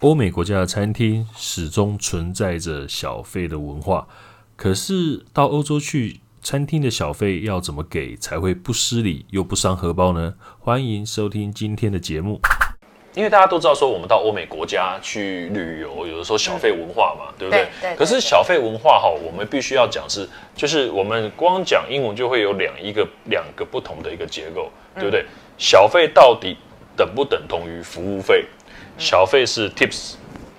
歐美國家的餐廳始終存在着小費的文化，可是到歐洲去，餐廳的小費要怎麼給才會不失禮又不傷荷包呢？歡迎收聽今天的節目。因為大家都知道說，我們到歐美國家去旅遊、嗯，有的時候小費文化嘛，對不對？對，對。可是小費文化哈，我們必須要講是，就是我們光講英文就會有兩一個兩個不同的一個結構，對不對？嗯、小費到底等不等同於服務費？嗯、小費是 tips，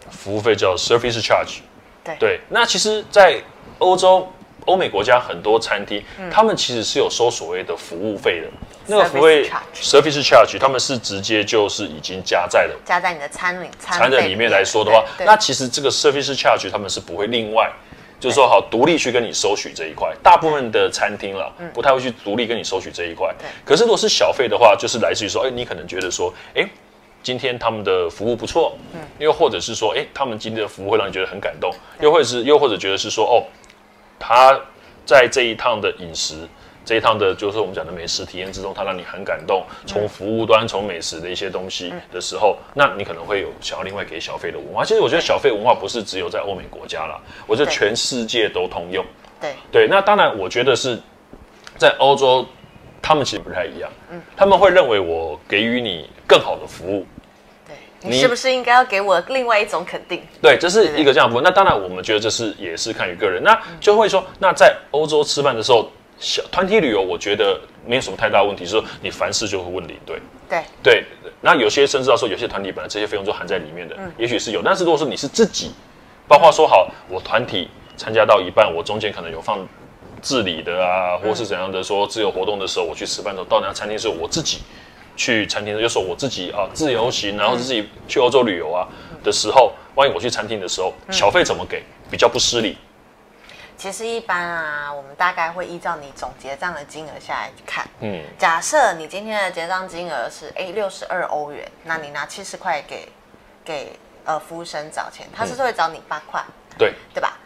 服務費叫 service charge，對。對，那其實，在歐洲、歐美國家很多餐廳，嗯，他們其實是有收所謂的服務費的，嗯。那個服務費 service charge，service charge，嗯、他們是直接就是已經加在了加在你的餐裡餐的裡面來說的話，那其實這個 service charge，他們是不會另外，就是說好獨立去跟你收取這一塊。大部分的餐廳了，不太會去獨立跟你收取這一塊。可是如果是小費的話，就是來自於說，哎、欸，你可能覺得說，哎、欸。今天他們的服務不錯，嗯，又或者是說，誒、欸，他們今天的服務會讓你覺得很感動，又或者是又或者覺得是說，哦，他在這一趟的飲食，這一趟的就是我們講的美食體驗之中，他讓你很感動，從服務端從美食的一些東西的時候，那你可能會有想要另外給小費的文化。其實我覺得小費文化不是只有在歐美國家了，我覺得全世界都通用。對對，那當然我覺得是在歐洲。他們其實不太一樣，嗯，他們會認為我給予你更好的服務，對你，你是不是應該要給我另外一種肯定？對，這是一個這樣的部分。那當然，我們覺得這是也是看於個人，那就會說，那在歐洲吃飯的時候，小團體旅遊，我覺得沒有什麼太大問題。就是、說你凡事就會問領隊，對對、對、對對。那有些甚至到說，有些團體本來這些費用都含在裡面的，嗯、也許是有。但是如果說你是自己，包括說好我團體參加到一半，我中間可能有放。自理的啊，或是怎樣的說自由活動的時候，嗯、我去吃飯的時候，到那餐廳時候，我自己去餐廳的就說我自己啊自由行，然後自己去歐洲旅遊啊、嗯、的時候，萬一我去餐廳的時候，小費怎麼給、嗯、比較不失禮？其實一般啊，我們大概會依照你總結賬的金額下來看。嗯，假設你今天的結賬金額是 A 六十二歐元，那你拿七十塊給給呃服務生找錢，他是不是會找你八塊、嗯？對，對吧？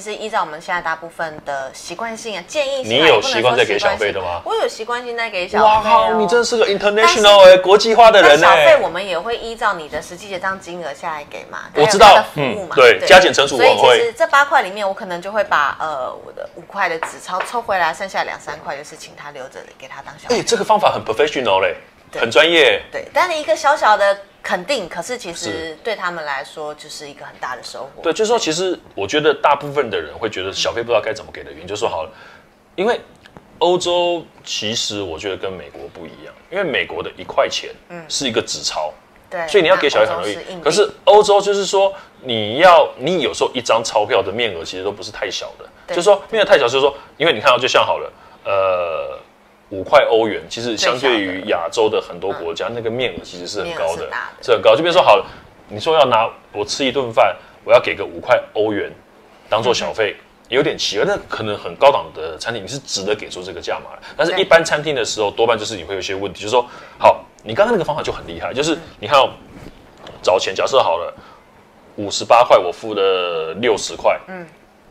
其實依照我們現在大部分的習慣性啊，建議、啊、你有習慣在給小費的嗎？我有習慣性在給小費。哇，你真是個 international 哎，國際化的人呢、欸。小費我們也會依照你的實際結賬金額下來給嘛。我知道，嗯，對，對加減乘除，所以其實這八塊裡面，我可能就會把呃我的五塊的紙鈔抽回來，剩下兩三塊就是請他留着給他當小費。哎、欸，這個方法很 professional 哎、欸，很專業。對，但你一個小小的。肯定，可是其實對他們來說就是一個很大的收穫。對，就是說，其實我覺得大部分的人會覺得小費不知道該怎麼給的原因，嗯，就說好了，因為歐洲其實我覺得跟美國不一樣，因為美國的一塊錢嗯是一個紙鈔，嗯，對，所以你要給小費很容易。可是歐洲就是說你，你要你有時候一張鈔票的面額其實都不是太小的，就是說面額太小，就是說，因為你看到就像好了，呃。五塊歐元，其實相對於亞洲的很多國家，嗯、那個面額其實是很高的，這很高就比如說好了。你說要拿我吃一頓飯，我要給個五塊歐元當做小費，嗯，有點奇怪。那可能很高檔的餐廳你是值得給出這個價碼，但是一般餐廳的時候，多半就是你會有一些問題，就是說，好，你剛剛那個方法就很厲害，就是你看，哦嗯、找錢，假設好了，五十八塊我付了六十塊，嗯。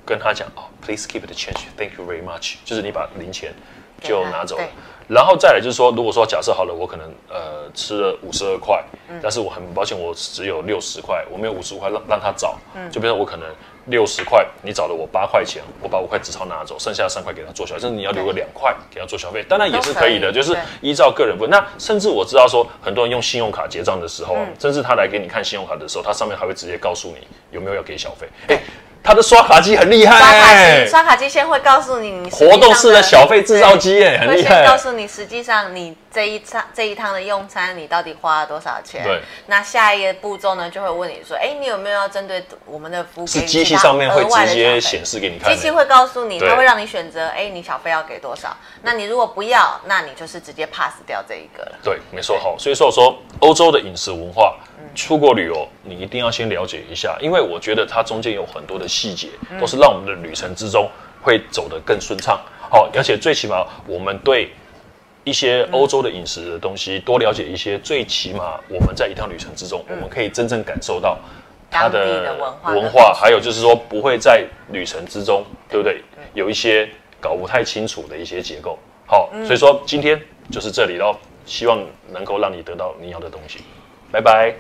跟他講哦、oh，please keep the change，thank you very much。就是你把零錢就拿走了，啊。然後再來就是說，如果說假設好了，我可能呃吃了五十二塊，但是我很抱歉，我只有六十塊，我沒有五十五塊讓讓他找，嗯。就比如說我可能六十塊，你找了我八塊錢，我把五塊紙鈔拿走，剩下三塊給他做小費，甚至你要留個兩塊給他做小費，當然也是可以的，就是依照個人分。那甚至我知道說，很多人用信用卡結賬的時候，嗯，甚至他來給你看信用卡的時候，他上面還會直接告訴你有沒有要給小費。他的刷卡機很厲害、欸，刷卡機先會告訴你你活動式的小費製造機耶、欸，很厲害。會告訴你實際上你這一餐這一趟的用餐你到底花了多少錢。對。那下一個步驟呢就會問你說，哎、欸，你有沒有要針對我們的服務？是機器上面會直接顯示給你看、欸。機器會告訴你，它會讓你選擇，哎、欸，你小費要給多少？那你如果不要，那你就是直接 pass 掉這一個了。對，沒錯哈。所以說我說歐洲的飲食文化，嗯、出國旅遊你一定要先了解一下，因為我覺得它中間有很多的。細節都是讓我們的旅程之中會走得更順暢。好、哦，而且最起碼我們對一些歐洲的飲食的東西多了解一些，最起碼我們在一趟旅程之中，我們可以真正感受到它的文化。還有就是說不會在旅程之中，對不對？有一些搞不太清楚的一些結構。好、哦，所以說今天就是這裡了，希望能夠讓你得到你要的東西。拜拜。